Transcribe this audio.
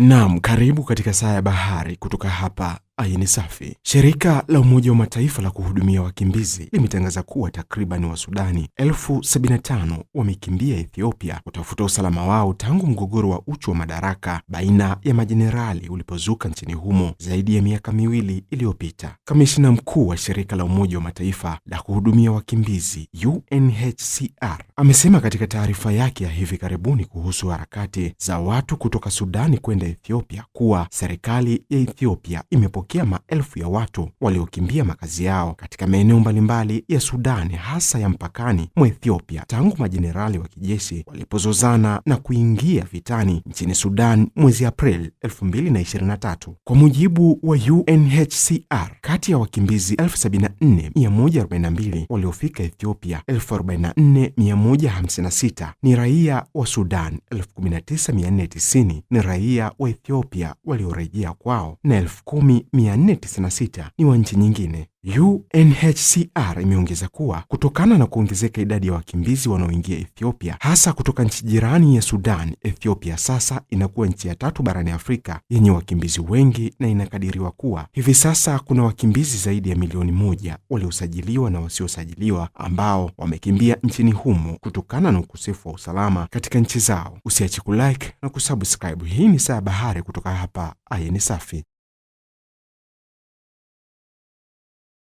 Naam, karibu katika Saa ya Bahari kutoka hapa aini safi. Shirika la Umoja wa Mataifa la kuhudumia wakimbizi limetangaza kuwa takriban Wasudani elfu sabini na tano wamekimbia Ethiopia kutafuta usalama wao tangu mgogoro wa uchu wa madaraka baina ya majenerali ulipozuka nchini humo zaidi ya miaka miwili iliyopita. Kamishina mkuu wa shirika la Umoja wa Mataifa la kuhudumia wakimbizi UNHCR amesema katika taarifa yake ya hivi karibuni kuhusu harakati za watu kutoka Sudani kwenda Ethiopia kuwa serikali ya Ethiopia imepokea kupokea maelfu ya watu waliokimbia makazi yao katika maeneo mbalimbali ya Sudani, hasa ya mpakani mwa Ethiopia tangu majenerali wa kijeshi walipozozana na kuingia vitani nchini Sudan mwezi Aprili 2023. Kwa mujibu wa UNHCR, kati ya wakimbizi 74142 waliofika Ethiopia, 44156 ni raia wa Sudan, 19490 ni raia wa Ethiopia waliorejea kwao na 10 496 ni wa nchi nyingine. UNHCR imeongeza kuwa kutokana na kuongezeka idadi ya wakimbizi wanaoingia Ethiopia, hasa kutoka nchi jirani ya Sudan, Ethiopia sasa inakuwa nchi ya tatu barani Afrika yenye wakimbizi wengi, na inakadiriwa kuwa hivi sasa kuna wakimbizi zaidi ya milioni moja waliosajiliwa na wasiosajiliwa ambao wamekimbia nchini humo kutokana na ukosefu wa usalama katika nchi zao. Usiache kulike na kusubscribe. Hii ni Saa ya Bahari kutoka hapa Ayin Safi.